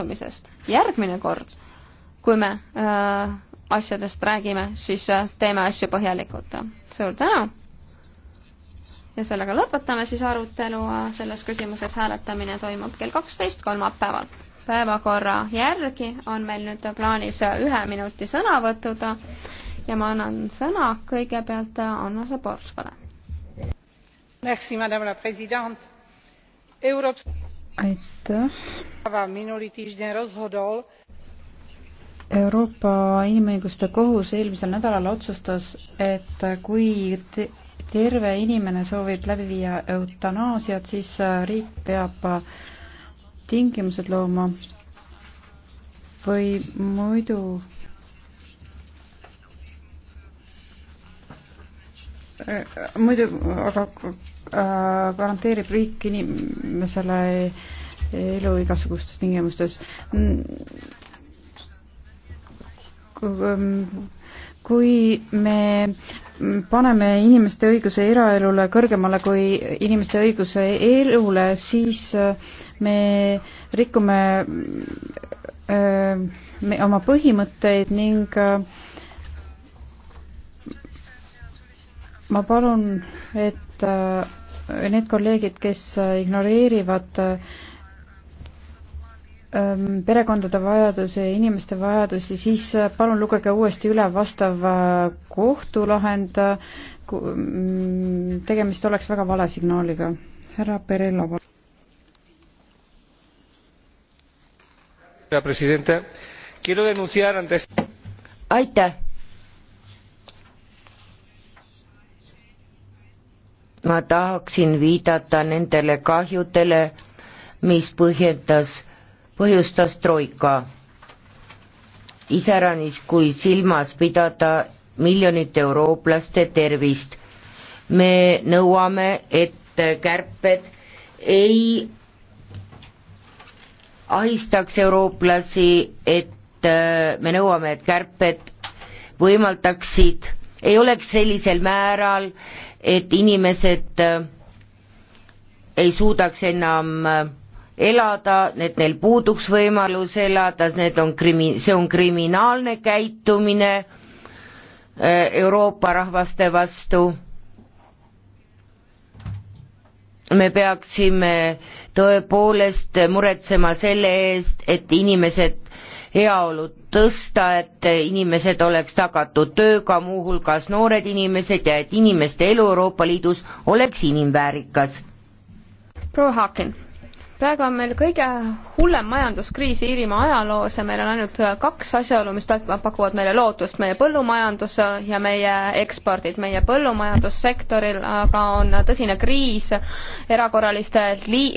suhtumisest. järgmine kord, kui me äh, asjadest räägime, siis äh, teeme asju põhjalikult. suur tänu! ja sellega lõpetame siis arutelu, äh, selles küsimuses hääletamine toimub kell kaksteist kolmapäeval. päevakorra järgi on meil nüüd plaanis äh, ühe minuti sõnavõtud ja ma annan sõna kõigepealt äh, Anna Zaborskale. Merci, madame la president Euroops aitäh. minuli tižden rozhodol. Euroopa Inimõiguste Kohus eelmisel nädalal otsustas, et kui te terve inimene soovib läbi viia eutanaasiat, siis riik peab tingimused looma või muidu äh, muidu, aga Äh, garanteerib riik inimesele elu igasugustes tingimustes. Mm, kui me paneme inimeste õiguse eraelule kõrgemale kui inimeste õiguse elule, siis äh, me rikume äh, me, oma põhimõtteid ning ma palun, et need kolleegid, kes äh, ignoreerivad ähm, perekondade vajadusi, inimeste vajadusi, siis äh, palun lugege uuesti üle vastav äh, kohtulahend. Mm, tegemist oleks väga vale signaaliga. härra Perello, palun. aitäh ma tahaksin viidata nendele kahjudele, mis põhjendas, põhjustas Troika. iseäranis, kui silmas pidada miljonite eurooplaste tervist. me nõuame, et kärped ei ahistaks eurooplasi, et äh, me nõuame, et kärped võimaldaksid, ei oleks sellisel määral, et inimesed äh, ei suudaks enam äh, elada, et neil puuduks võimalus elada, need on krimi-, see on kriminaalne käitumine äh, Euroopa rahvaste vastu. me peaksime tõepoolest muretsema selle eest, et inimesed heaolu tõsta, et inimesed oleks tagatud tööga, muuhulgas noored inimesed ja et inimeste elu Euroopa Liidus oleks inimväärikas. proua Haaken praegu on meil kõige hullem majanduskriis Iirimaa ajaloos ja meil on ainult kaks asjaolu, mis pakuvad meile lootust, meie põllumajandus ja meie ekspordid. meie põllumajandussektoril aga on tõsine kriis, erakorraliste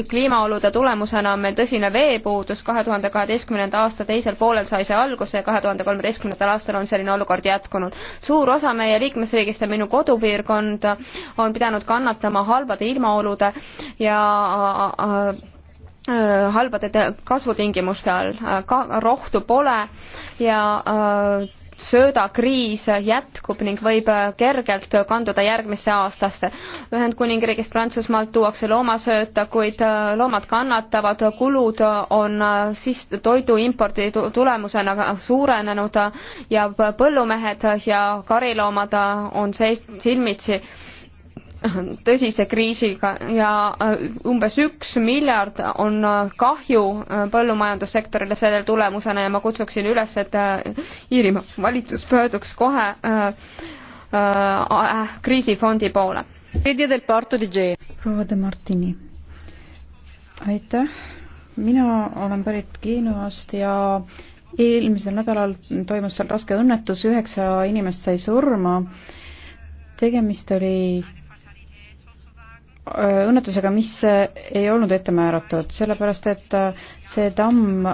kliimaolude tulemusena on meil tõsine veepuudus, kahe tuhande kaheteistkümnenda aasta teisel poolel sai see alguse ja kahe tuhande kolmeteistkümnendal aastal on selline olukord jätkunud. suur osa meie liikmesriigist ja minu kodupiirkond on pidanud kannatama halbade ilmaolude ja Äh, halbade kasvutingimuste all, äh, ka rohtu pole ja äh, söödakriis jätkub ning võib kergelt kanduda järgmisse aastasse. Ühendkuningriigist Prantsusmaalt tuuakse loomasööta, kuid loomad kannatavad, kulud on siis toidu impordi tulemusena suurenenud ja põllumehed ja kariloomad on seis-, silmitsi tõsise kriisiga ja äh, umbes üks miljard on äh, kahju äh, põllumajandussektorile selle tulemusena ja ma kutsuksin üles, et Iirimaa valitsus pöörduks kohe kriisifondi poole. proua de Martini, aitäh, mina olen pärit Genuast ja eelmisel nädalal toimus seal raske õnnetus, üheksa inimest sai surma. tegemist oli Äh, õnnetusega, mis äh, ei olnud ette määratud, sellepärast et äh, see tamm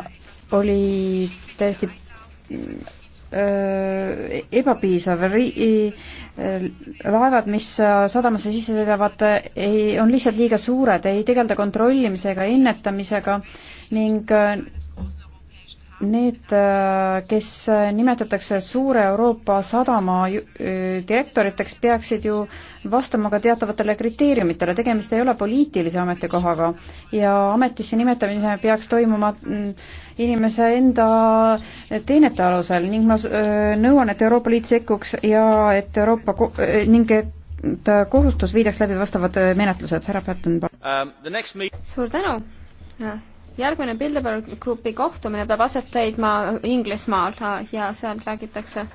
oli täiesti ebapiisav. laevad, mis sadamasse sisse sõidavad, ei, on lihtsalt liiga suured, ei tegelda kontrollimisega, ennetamisega ning need, äh, kes äh, nimetatakse suure Euroopa sadama äh, direktoriteks, peaksid ju vastama ka teatavatele kriteeriumitele, tegemist ei ole poliitilise ametikohaga ja ametisse nimetamine peaks toimuma mm, inimese enda teenete alusel ning ma nõuan, et Euroopa Liit sekkuks ja et Euroopa ning et kohustus viidaks läbi vastavad menetlused, härra Pätten, palun um,. suur tänu järgmine Bilderberg grupi kohtumine peab aset leidma Inglismaal ja seal räägitakse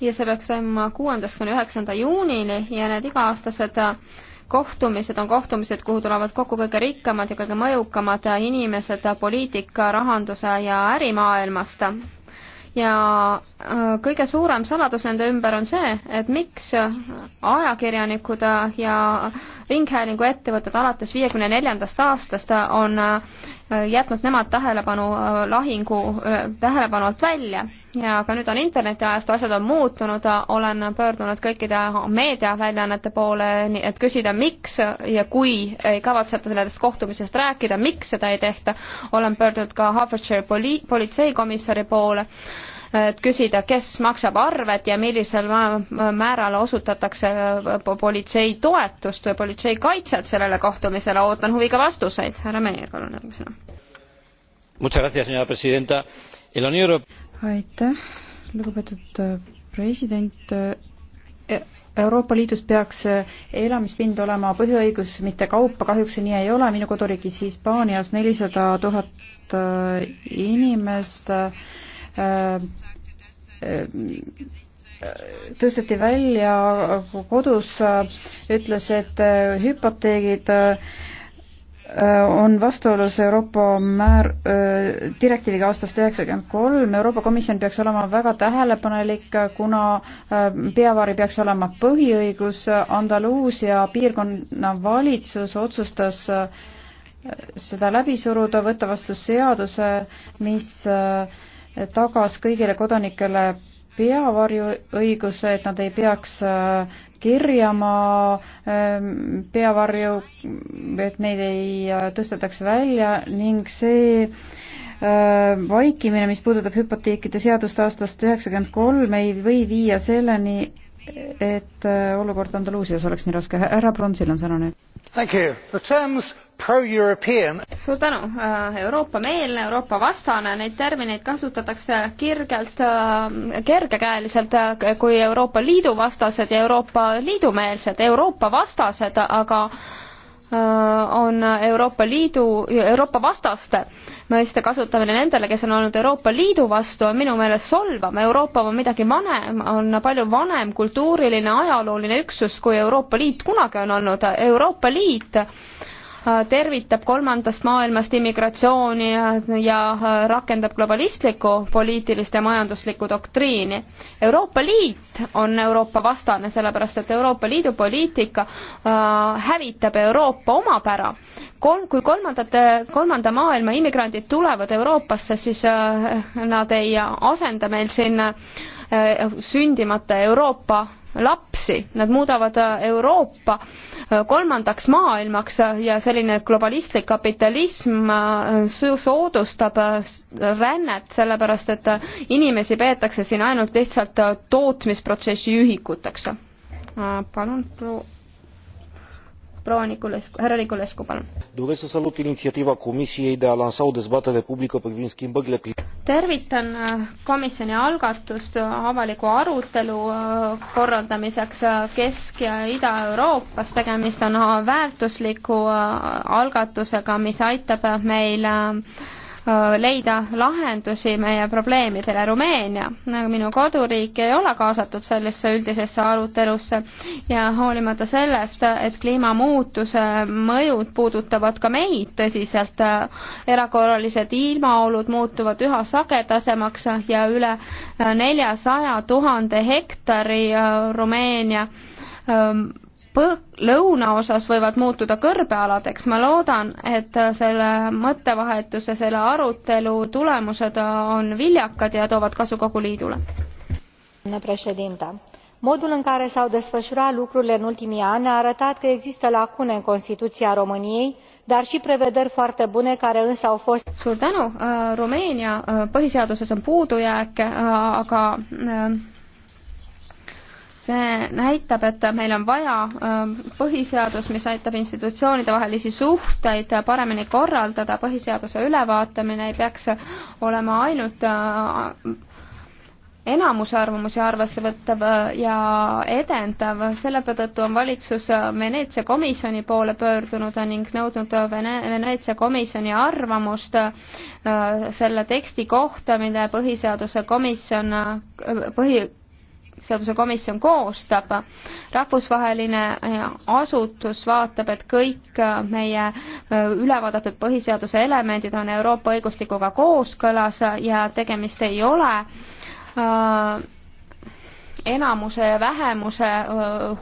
ja see peaks toimuma kuuendast kuni üheksanda juunini ja need iga-aastased kohtumised on kohtumised, kuhu tulevad kokku kõige rikkamad ja kõige mõjukamad inimesed poliitika, rahanduse ja ärimaailmast ja äh, kõige suurem saladus nende ümber on see, et miks ajakirjanikud ja ringhäälinguettevõtted alates viiekümne neljandast aastast on äh, Äh, jätnud nemad tähelepanu äh, lahingu äh, tähelepanu alt välja ja ka nüüd on internetiajastu, asjad on muutunud, olen pöördunud kõikide meediaväljaannete poole, et küsida, miks ja kui ei kavatseta sellest kohtumisest rääkida, miks seda ei tehta, olen pöördunud ka Hertfordshire poli-, politseikomissari poole et küsida, kes maksab arved ja millisel määral osutatakse äh, politsei toetust või politsei kaitset sellele kohtumisele, ootan huviga vastuseid. härra Meier, palun järgmisena. aitäh, lugupeetud äh, president äh, Euroopa Liidus peaks elamispind olema põhiõigus, mitte kaupa, kahjuks see nii ei ole, minu koduriigis Hispaanias nelisada tuhat inimest äh, Äh, äh, tõsteti välja kodus, äh, ütles, et hüpoteegid on vastuolus Euroopa määr-, direktiiviga aastast üheksakümmend kolm, Euroopa Komisjon peaks olema väga tähelepanelik, kuna peavari peaks olema põhiõigus, Andaluusia piirkonna valitsus otsustas seda läbi suruda, võtta vastu seaduse, mis äh, tagas kõigile kodanikele peavarjuõiguse, et nad ei peaks äh, kirjama ähm, peavarju, et neid ei äh, tõstetaks välja ning see äh, vaikimine, mis puudutab hüpoteekide seadust aastast üheksakümmend kolm, ei või viia selleni, et äh, olukord Andaluusias oleks nii raske. härra Pronsil on sõna nüüd. suur tänu. Äh, Euroopa-meelne, Euroopa-vastane, neid termineid kasutatakse kirgelt, äh, kergekäeliselt kui Euroopa Liidu vastased ja Euroopa Liidu meelsed. Euroopa vastased aga Äh, on Euroopa Liidu, Euroopa vastaste mõiste kasutamine nendele, kes on olnud Euroopa Liidu vastu, on minu meelest solvav. Euroopa on midagi vanem, on palju vanem kultuuriline, ajalooline üksus, kui Euroopa Liit kunagi on olnud. Euroopa Liit äh, Äh, tervitab kolmandast maailmast immigratsiooni ja äh, rakendab globalistlikku poliitilist ja majanduslikku doktriini. Euroopa Liit on Euroopa vastane, sellepärast et Euroopa Liidu poliitika äh, hävitab Euroopa omapära. kolm, kui kolmandate, kolmanda maailma immigrandid tulevad Euroopasse, siis nad ei asenda meil siin sündimata Euroopa lapsi, nad muudavad äh, Euroopa äh, kolmandaks maailmaks äh, ja selline globalistlik kapitalism soodustab rännet, sellepärast et inimesi peetakse siin ainult lihtsalt tootmisprotsessi ühikuteks. palun, proua proua Niculescu, härra Niculescu, palun. doresc să salut inițiativa Comisiei de a lansa o dezbatere publică privind schimbările tervitan äh, komisjoni algatust äh, avaliku arutelu äh, korraldamiseks Kesk- ja Ida-Euroopas. tegemist on väärtusliku algatusega, mis aitab meil leida lahendusi meie probleemidele. Rumeenia, nagu minu koduriik, ei ole kaasatud sellesse üldisesse arutelusse ja hoolimata sellest, et kliimamuutuse mõjud puudutavad ka meid tõsiselt, erakorralised ilmaolud muutuvad üha sagedasemaks ja üle neljasaja tuhande hektari Rumeenia lõunaosas võivad muutuda kõrbealadeks, ma loodan, et selle mõttevahetuse, selle arutelu tulemused on viljakad ja toovad kasu kogu liidule. modul în care s au desfășurat lucrurile în ultimii ani a arătat că există lacune în constituția româniei dar și prevederi foarte bune care însă au fost. suur tänu, äh, Rumeenia äh, põhiseaduses on puudujääke, äh, aga see näitab, et meil on vaja ähm, põhiseadus, mis aitab institutsioonide vahelisi suhteid paremini korraldada, põhiseaduse ülevaatamine ei peaks olema ainult äh, enamuse arvamusi arvesse võttav äh, ja edendav, selle tõttu on valitsus äh, Veneetsia komisjoni poole pöördunud ning nõudnud Vene-, Veneetsia komisjoni arvamust selle teksti kohta, mille põhiseaduse komisjon, põhi, seadusekomisjon koostab, rahvusvaheline eh, asutus vaatab, et kõik eh, meie eh, ülevaadatud põhiseaduse elemendid on Euroopa õigustikuga kooskõlas ja tegemist ei ole enamuse ja vähemuse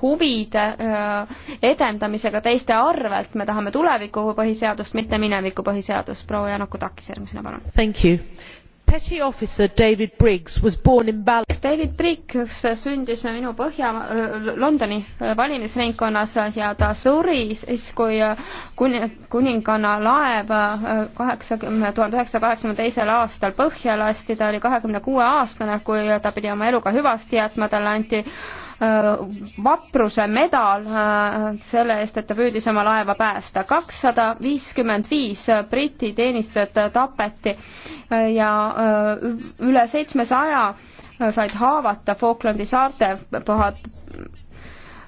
huvide edendamisega teiste arvelt, me tahame tuleviku põhiseadust, mitte mineviku põhiseadust. proua Janaku Takis järgmisena, palun petty officer david briggs was born in bal- david briggs sündis minu põhja äh, londoni äh, valimisringkonnas ja ta suri siis kui äh, kuni- kuninganna laev kaheksakümne tuhande üheksasaja kaheksakümne teisel aastal põhja lasti ta oli kahekümne kuue aastane kui ta pidi oma eluga hüvasti jätma talle anti Äh, vapruse medal äh, selle eest, et ta püüdis oma laeva päästa. kakssada viiskümmend viis äh, Briti teenistujat tapeti ja üle seitsmesaja said haavata Falklandi saarte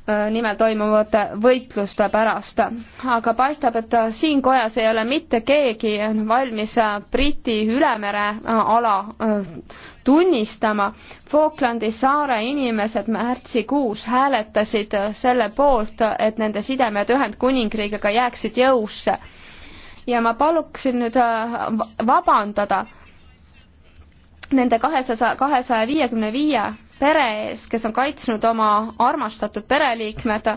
Äh, nimel toimuvate võitluste pärast. aga paistab, et siin kojas ei ole mitte keegi valmis Briti ülemere äh, ala äh, tunnistama. Falklandi saare inimesed märtsikuus hääletasid selle poolt, et nende sidemed Ühendkuningriigiga jääksid jõusse. ja ma paluksin nüüd vabandada nende kahesaja, kahesaja viiekümne viie pere ees, kes on kaitsnud oma armastatud pereliikmed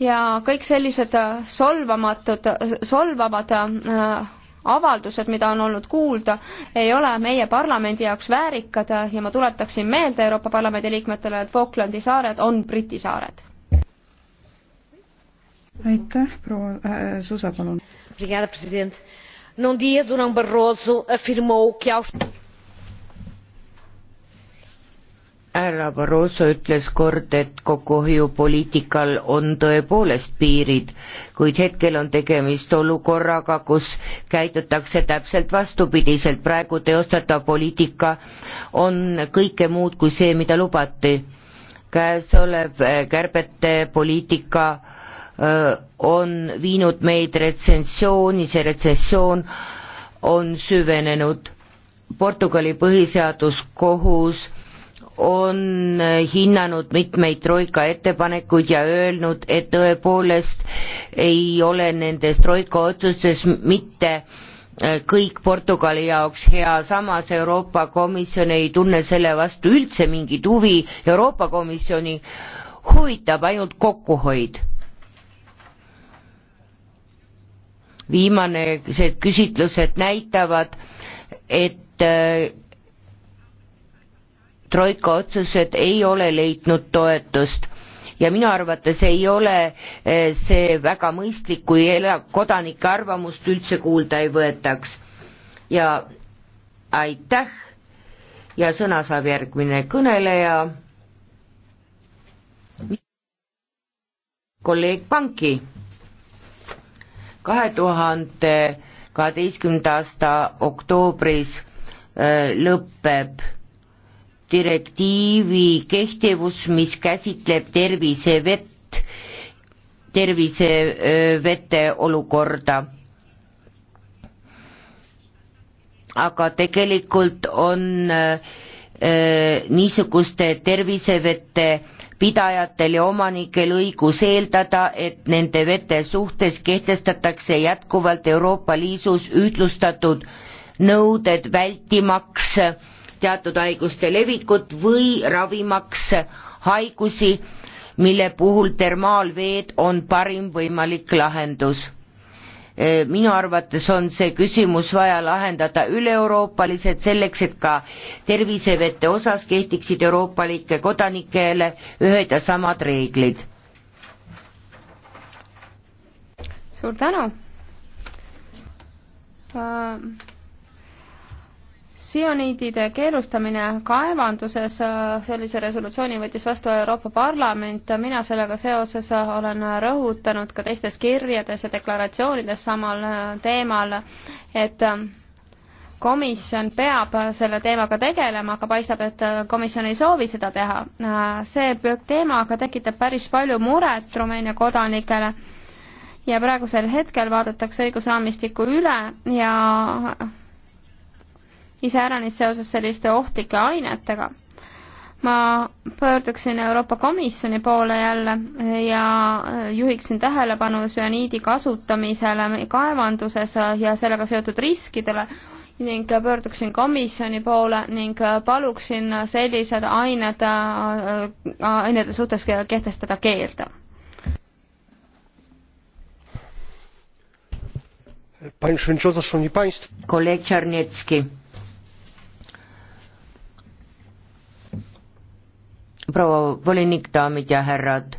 ja kõik sellised solvamatud, solvavad äh, avaldused, mida on olnud kuulda, ei ole meie parlamendi jaoks väärikad ja ma tuletaksin meelde Euroopa Parlamendi liikmetele, et Falklandi saared on Briti saared. aitäh, proua äh, Suusa, palun. Obrigada, president. Num dia, Durão Barroso afirmou que aos härra Barroso ütles kord, et kokkuhoiupoliitikal on tõepoolest piirid, kuid hetkel on tegemist olukorraga, kus käidutakse täpselt vastupidiselt, praegu teostatav poliitika on kõike muud kui see, mida lubati. käesolev äh, kärbete poliitika äh, on viinud meid retsensiooni, see retsessioon on süvenenud. Portugali põhiseaduskohus on hinnanud mitmeid troika ettepanekuid ja öelnud, et tõepoolest ei ole nendes troika otsustes mitte äh, kõik Portugali jaoks hea, samas Euroopa Komisjon ei tunne selle vastu üldse mingit huvi, Euroopa Komisjoni huvitab ainult kokkuhoid. viimaned küsitlused näitavad, et äh, troika otsused ei ole leidnud toetust ja minu arvates ei ole eh, see väga mõistlik, kui kodanike arvamust üldse kuulda ei võetaks. ja aitäh ja sõna saab järgmine kõneleja. kolleeg Panki. kahe tuhande kaheteistkümnenda aasta oktoobris eh, lõpeb direktiivi kehtivus, mis käsitleb tervisevett, tervisevete olukorda aga tegelikult on äh, niisuguste tervisevete pidajatel ja omanikel õigus eeldada, et nende vete suhtes kehtestatakse jätkuvalt Euroopa Liidus ühtlustatud nõuded vältimaks äh, teatud haiguste levikut või ravimaks haigusi, mille puhul termaalveed on parim võimalik lahendus. E, minu arvates on see küsimus vaja lahendada üle-euroopaliselt, selleks et ka tervisevete osas kehtiksid euroopalike kodanikele ühed ja samad reeglid. suur tänu uh sioniidide keelustamine kaevanduses, äh, sellise resolutsiooni võttis vastu Euroopa Parlament, mina sellega seoses olen rõhutanud ka teistes kirjades ja deklaratsioonides samal äh, teemal, et äh, komisjon peab selle teemaga tegelema, aga paistab, et komisjon ei soovi seda teha. see teema aga tekitab päris palju muret Rumeenia kodanikele ja praegusel hetkel vaadatakse õigusraamistikku üle ja iseäranis seoses selliste ohtlike ainetega. ma pöörduksin Euroopa Komisjoni poole jälle ja äh, juhiksin tähelepanu süaniidi kasutamisele kaevanduses ja sellega seotud riskidele ning pöörduksin komisjoni poole ning paluksin sellised ained, äh, äh, ainete suhtes kehtestada keeld. kolleeg Tšernetski proua volinik, daamid ja härrad,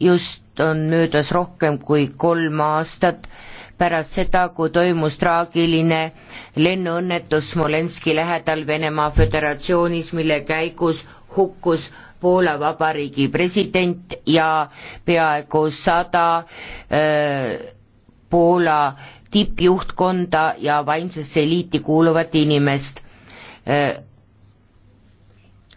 just on möödas rohkem kui kolm aastat pärast seda, kui toimus traagiline lennuõnnetus Smolenski lähedal Venemaa Föderatsioonis, mille käigus hukkus Poola Vabariigi president ja peaaegu sada öö, Poola tippjuhtkonda ja vaimsesse eliiti kuuluvat inimest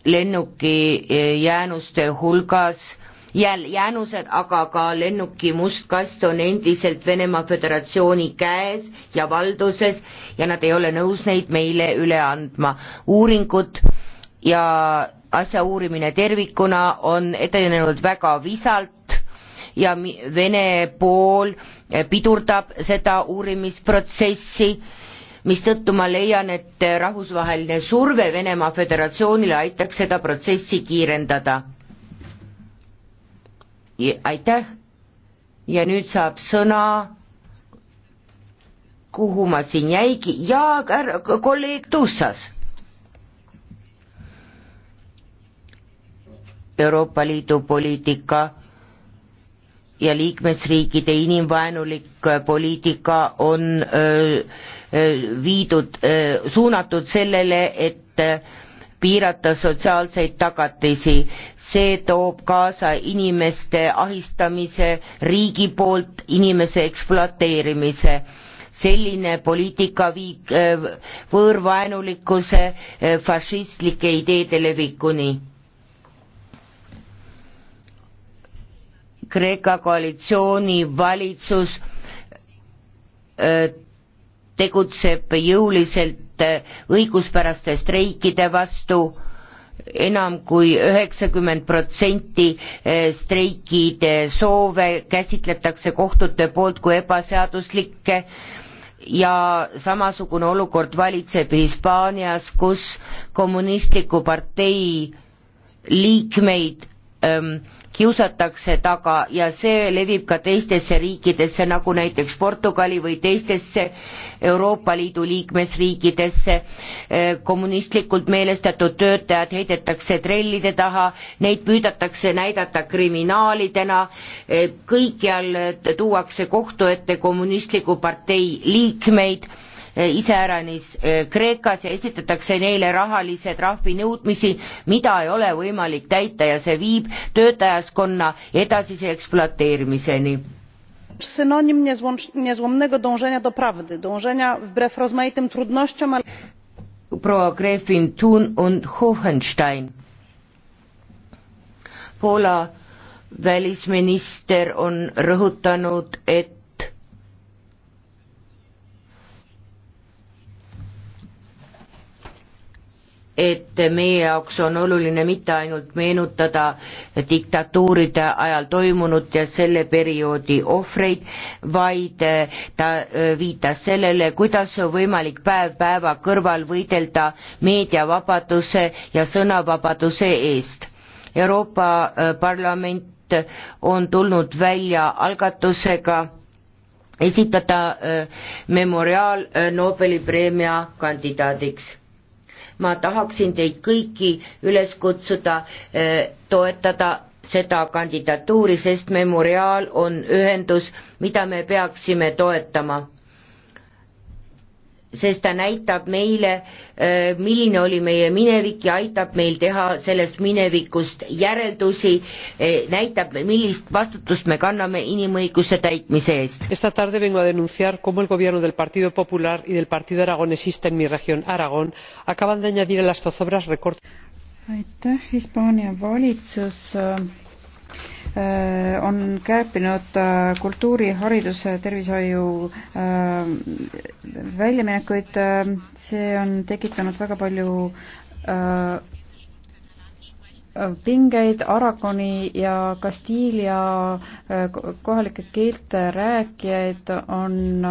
lennuki eh, jäänuste hulgas jäl-, jäänused, aga ka lennuki must kast on endiselt Venemaa Föderatsiooni käes ja valduses ja nad ei ole nõus neid meile üle andma. uuringud ja asja uurimine tervikuna on edenenud väga visalt ja Vene pool pidurdab seda uurimisprotsessi mistõttu ma leian, et rahvusvaheline surve Venemaa Föderatsioonile aitaks seda protsessi kiirendada. aitäh ja nüüd saab sõna kuhu ma siin jäigi ja äh, kolleeg Tussas. Euroopa Liidu poliitika ja liikmesriikide inimvaenulik poliitika on öö, viidud, suunatud sellele, et piirata sotsiaalseid tagatisi, see toob kaasa inimeste ahistamise, riigi poolt inimese ekspluateerimise. selline poliitika viib võõrvaenulikkuse fašistlike ideede levikuni. Kreeka koalitsiooni valitsus tegutseb jõuliselt äh, õiguspäraste streikide vastu, enam kui üheksakümmend protsenti äh, streikide soove käsitletakse kohtute poolt kui ebaseaduslikke ja samasugune olukord valitseb Hispaanias, kus kommunistliku partei liikmeid ähm, kiusatakse taga ja see levib ka teistesse riikidesse, nagu näiteks Portugali või teistesse Euroopa Liidu liikmesriikidesse. Eh, kommunistlikult meelestatud töötajad heidetakse trellide taha, neid püüdatakse näidata kriminaalidena, eh, kõikjal tuuakse kohtu ette kommunistliku partei liikmeid Eh, iseäranis eh, Kreekas ja esitatakse neile rahalise trahvinõudmisi, mida ei ole võimalik täita ja see viib töötajaskonna edasise ekspluateerimiseni synonim niezłomnego dążenia do prawdy dążenia wbrew rozmaitym trudnościom ale Frau Gräfin Thun und Hohenstein. Poola välisminister on rõhutanud, et et meie jaoks on oluline mitte ainult meenutada diktatuuride ajal toimunut ja selle perioodi ohvreid, vaid eh, ta eh, viitas sellele, kuidas on võimalik päev päeva kõrval võidelda meediavabaduse ja sõnavabaduse eest. Euroopa eh, Parlament on tulnud välja algatusega esitada memoriaal Nobeli preemia kandidaadiks ma tahaksin teid kõiki üles kutsuda eh, toetada seda kandidatuuri, sest Memoriaal on ühendus, mida me peaksime toetama sest ta näitab meile, äh, milline oli meie minevik ja aitab meil teha sellest minevikust järeldusi, äh, näitab, millist vastutust me kanname inimõiguste täitmise eest. Esta tarde vengo a denunciar cómo el gobierno del Partido Popular y del Partido Aragonesista en mi región, Aragón, acaban de añadir a las zozobras recortes. aitäh, Hispaania valitsus on kärpinud äh, kultuuri, hariduse, tervishoiu äh, väljaminekuid, see on tekitanud väga palju äh, pingeid Aragoni ja Kastiilia kohalike keelte rääkijaid on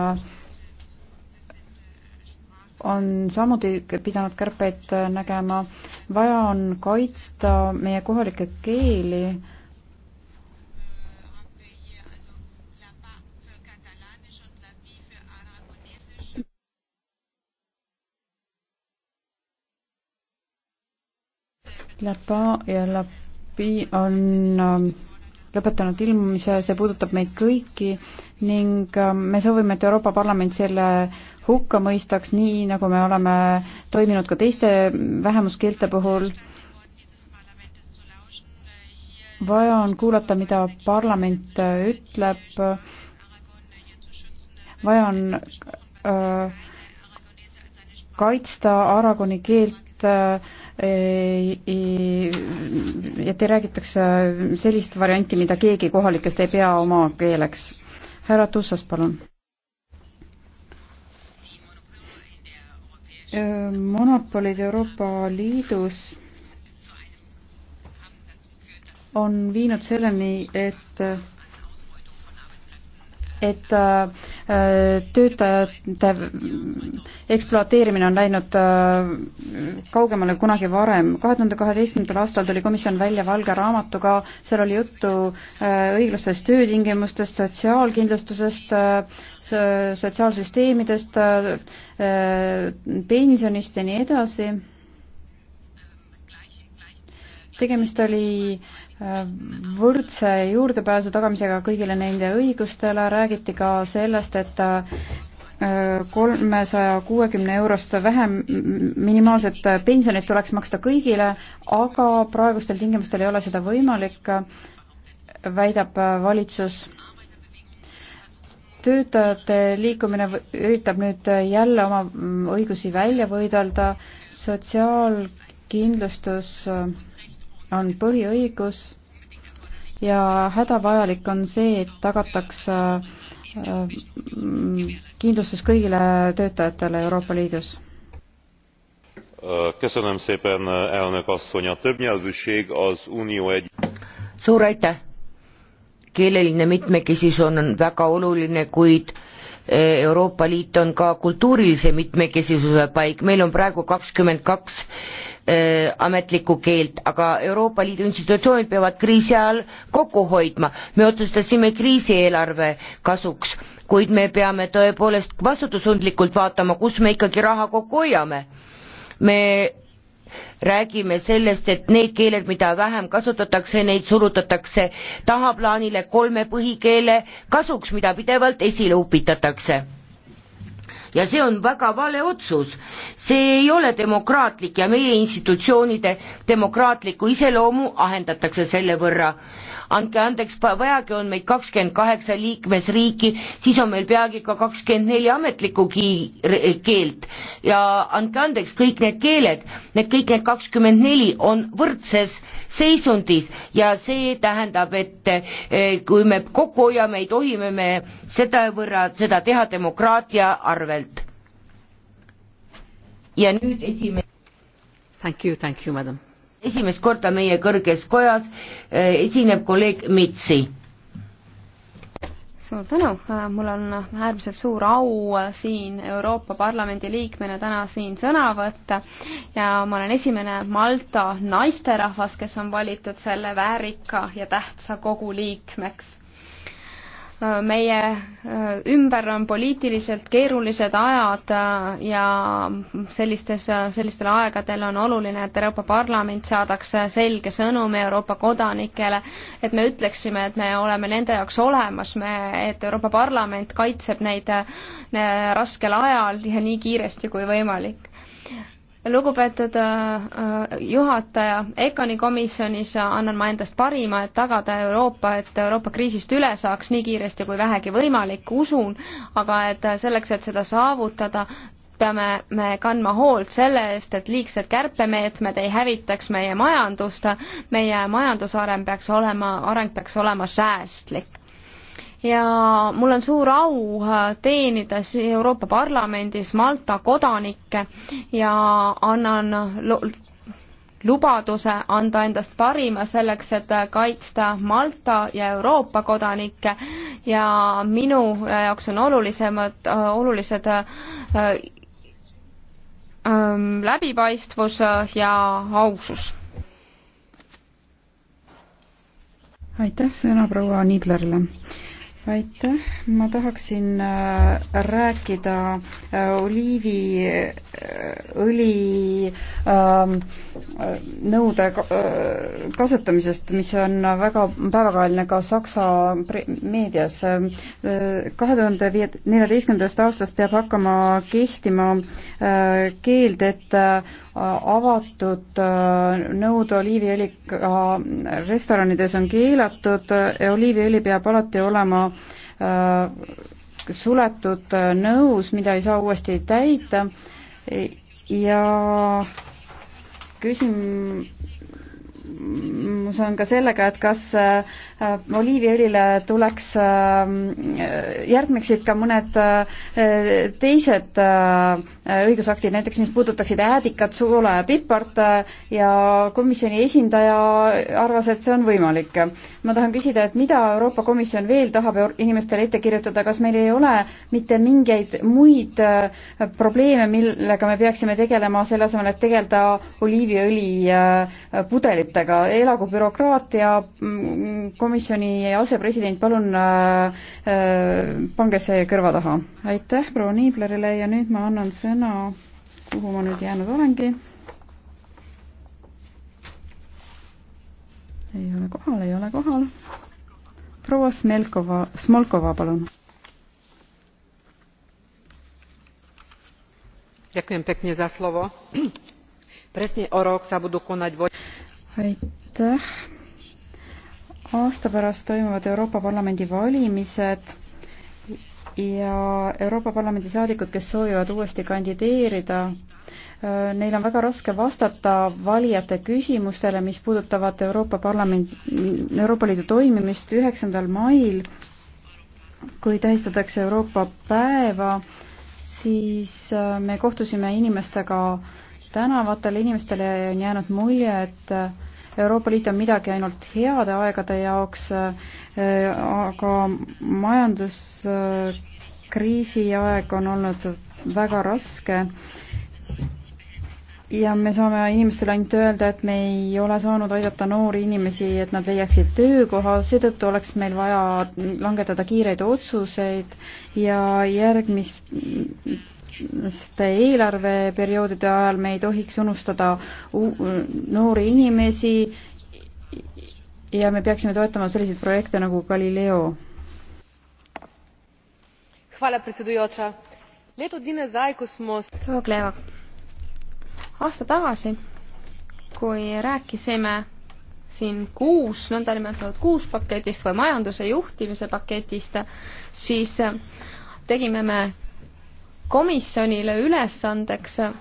on samuti pidanud kärpeid nägema. vaja on kaitsta meie kohalikke keeli äh, Lapa ja Lapi on ähm, lõpetanud ilmumise, see puudutab meid kõiki ning ähm, me soovime, et Euroopa Parlament selle hukka mõistaks, nii nagu me oleme toiminud ka teiste vähemuskeelte puhul. vaja on kuulata, mida parlament äh, ütleb, vaja on äh, kaitsta aragoni keelt et eh, et ei räägitakse eh, sellist varianti, mida keegi kohalikest ei pea oma keeleks. härra Tussas, palun. Eh, monopolid Euroopa Liidus on viinud selleni, et et äh, töötajate ekspluateerimine on läinud äh, kaugemale kunagi varem. kahe tuhande kaheteistkümnendal aastal tuli komisjon välja valge raamatuga, seal oli juttu äh, õiglastest töötingimustest, sotsiaalkindlustusest, sotsiaalsüsteemidest, pensionist ja nii edasi. tegemist oli äh, võrdse juurdepääsu tagamisega kõigile nende õigustele, räägiti ka sellest, et äh, kolmesaja kuuekümne eurost vähem minimaalset pensionit tuleks maksta kõigile, aga praegustel tingimustel ei ole seda võimalik, väidab valitsus. töötajate liikumine üritab nüüd jälle oma õigusi välja võidelda, sotsiaalkindlustus äh, on põhiõigus ja hädavajalik on see, et tagatakse äh, kindlustus kõigile töötajatele Euroopa Liidus. köszönöm szépen, elnök asszony, a többnyelvűség az unió egy suur aitäh! keeleline mitmekesisus on väga oluline, kuid äh, Euroopa Liit on ka kultuurilise mitmekesisuse paik, meil on praegu kakskümmend kaks Äh, ametlikku keelt, aga Euroopa Liidu institutsioonid peavad kriisi ajal kokku hoidma. me otsustasime kriisieelarve kasuks, kuid me peame tõepoolest vastutustundlikult vaatama, kus me ikkagi raha kokku hoiame. me räägime sellest, et need keeled, mida vähem kasutatakse, neid surutatakse tahaplaanile kolme põhikeele kasuks, mida pidevalt esile upitatakse ja see on väga vale otsus. see ei ole demokraatlik ja meie institutsioonide demokraatlikku iseloomu ahendatakse selle võrra andke andeks, vajagi on meid kakskümmend kaheksa liikmesriiki, siis on meil peagi ka kakskümmend neli ametlikku keelt ja andke andeks, kõik need keeled, need kõik need kakskümmend neli on võrdses seisundis ja see tähendab, et e, kui me kokku hoiame, ei tohi me, me sedavõrra seda teha demokraatia arvelt. ja nüüd esimene. Thank you, thank you, madam esimest korda meie kõrges kojas eh, esineb kolleeg Mitsi. suur tänu, äh, mul on äärmiselt suur au äh, siin Euroopa Parlamendi liikmena täna siin sõna võtta ja ma olen esimene Malta naisterahvas, kes on valitud selle väärika ja tähtsa kogu liikmeks meie äh, ümber on poliitiliselt keerulised ajad äh, ja sellistes, äh, sellistel aegadel on oluline, et Euroopa Parlament saadaks selge sõnumi Euroopa kodanikele, et me ütleksime, et me oleme nende jaoks olemas, me, et Euroopa Parlament kaitseb neid raskel ajal ja nii kiiresti kui võimalik lugupeetud äh, äh, juhataja, EKONi komisjonis annan ma endast parima, et tagada Euroopa, et Euroopa kriisist üle saaks nii kiiresti kui vähegi võimalik, usun, aga et selleks, et seda saavutada, peame me kandma hoolt selle eest, et liigsed kärpemeetmed ei hävitaks meie majandust, meie majandusareng peaks olema, areng peaks olema säästlik ja mul on suur au äh, teenida Euroopa Parlamendis Malta kodanikke ja annan lubaduse anda endast parima selleks, et äh, kaitsta Malta ja Euroopa kodanikke ja minu äh, jaoks on olulisemad, olulised ähm, läbipaistvus ja ausus. aitäh sõna proua Niiblerile aitäh, ma tahaksin äh, rääkida äh, oliiviõli ähm, nõude äh, kasutamisest, mis on väga päevakajaline ka Saksa meedias. kahe tuhande viie, neljateistkümnendast aastast peab hakkama kehtima äh, keeld, et äh, avatud nõud oliiviõliga restoranides on keelatud, oliiviõli peab alati olema suletud nõus, mida ei saa uuesti täita ja küsim-, küsimus on ka sellega, et kas äh, oliiviõlile tuleks, äh, järgneksid ka mõned äh, teised õigusaktid, näiteks mis puudutaksid äädikat, soola ja pipart ja komisjoni esindaja arvas, et see on võimalik. ma tahan küsida, et mida Euroopa Komisjon veel tahab inimestele ette kirjutada, kas meil ei ole mitte mingeid muid probleeme, millega me peaksime tegelema, selle asemel, et tegeleda oliiviõli pudelitega? sellega, elagu bürokraatia, mm, komisjoni asepresident, palun äh, äh, pange see kõrva taha. aitäh proua Niiblerile ja nüüd ma annan sõna, kuhu ma nüüd jäänud olengi. ei ole kohal, ei ole kohal. proua Smelkova, Smolkova, palun. presne o rok sa budú konať voľby aitäh. aasta pärast toimuvad Euroopa Parlamendi valimised ja Euroopa Parlamendi saadikud, kes soovivad uuesti kandideerida, äh, neil on väga raske vastata valijate küsimustele, mis puudutavad Euroopa Parlamendi, Euroopa Liidu toimimist üheksandal mail, kui tähistatakse Euroopa päeva, siis äh, me kohtusime inimestega tänavatel, inimestele on jäänud mulje, et äh, Euroopa Liit on midagi ainult heade aegade jaoks, äh, aga majanduskriisi aeg on olnud väga raske ja me saame inimestele ainult öelda, et me ei ole saanud aidata noori inimesi, et nad leiaksid töökoha, seetõttu oleks meil vaja langetada kiireid otsuseid ja järgmist järgmiste eelarveperioodide ajal me ei tohiks unustada noori inimesi ja me peaksime toetama selliseid projekte nagu Galileo. proua Kleeva, aasta tagasi, kui rääkisime siin kuus, nõndanimetatud kuus paketist või majanduse juhtimise paketist, siis tegime me komisjonile ülesandeks äh,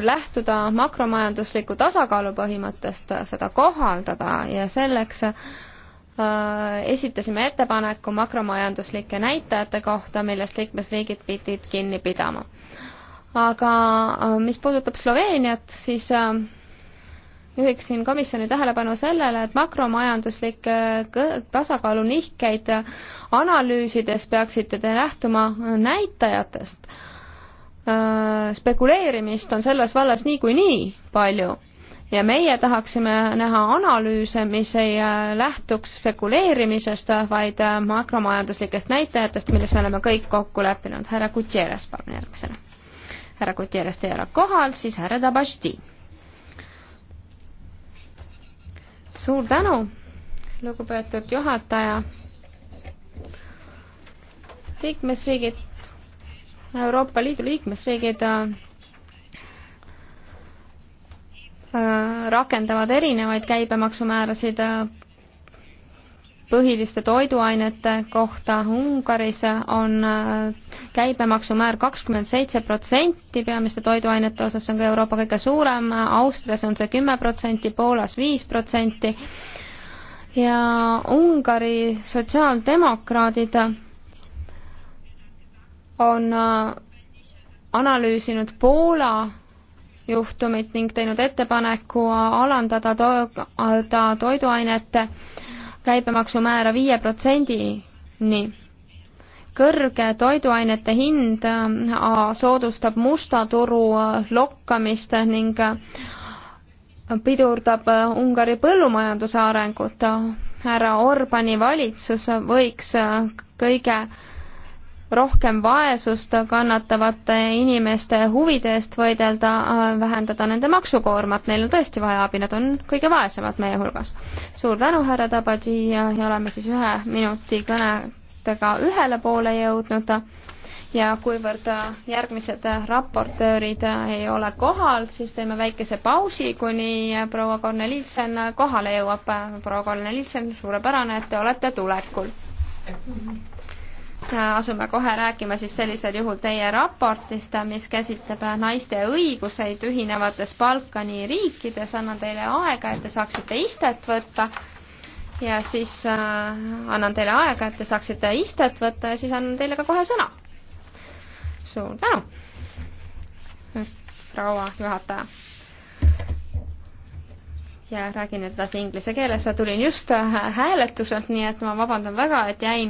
lähtuda makromajandusliku tasakaalu põhimõttest, äh, seda kohaldada ja selleks äh, esitasime ettepaneku makromajanduslike näitajate kohta, millest liikmesriigid pidid kinni pidama. aga mis puudutab Sloveeniat, siis juhiksin komisjoni tähelepanu sellele, et makromajanduslikke äh, tasakaalu nihkeid analüüsides peaksite te lähtuma äh, näitajatest. Äh, spekuleerimist on selles vallas niikuinii nii palju ja meie tahaksime näha analüüse, mis ei lähtuks spekuleerimisest, vaid makromajanduslikest näitajatest, milles me oleme kõik kokku leppinud. härra Gutierrez, palun järgmisena. härra Gutierrez, te ei ole kohal, siis härra Dabasti suur tänu, lugupeetud juhataja. liikmesriigid, Euroopa Liidu liikmesriigid äh, äh, rakendavad erinevaid käibemaksumäärasid äh, põhiliste toiduainete kohta Ungaris on äh, käibemaksumäär kakskümmend seitse protsenti peamiste toiduainete osas, see on ka Euroopa kõige suurem, Austrias on see kümme protsenti, Poolas viis protsenti ja Ungari sotsiaaldemokraadid on äh, analüüsinud Poola juhtumit ning teinud ettepaneku alandada to toiduainete käibemaksumäära viie protsendini. kõrge toiduainete hind äh, soodustab musta turu äh, lokkamist ning äh, pidurdab Ungari põllumajanduse arengut. härra Orbani valitsus võiks kõige rohkem vaesust kannatavate inimeste huvide eest võidelda, äh, vähendada nende maksukoormat, neil on tõesti vaja abi, nad on kõige vaesemad meie hulgas. suur tänu, härra Tabadi ja, ja oleme siis ühe minuti kõnedega ühele poole jõudnud ja kuivõrd äh, järgmised äh, raportöörid ei ole kohal, siis teeme väikese pausi, kuni proua Korneliitsen kohale jõuab. proua Korneliitsen, suurepärane, et te olete tulekul asume kohe rääkima siis sellisel juhul teie raportist, mis käsitleb naiste õiguseid ühinevates Balkani riikides. annan teile aega, et te saaksite istet võtta ja siis äh, annan teile aega, et te saaksite istet võtta ja siis annan teile ka kohe sõna. suur tänu, proua juhataja ja räägin edasi inglise keeles, tulin just äh, hääletuselt, nii et ma vabandan väga, et jäin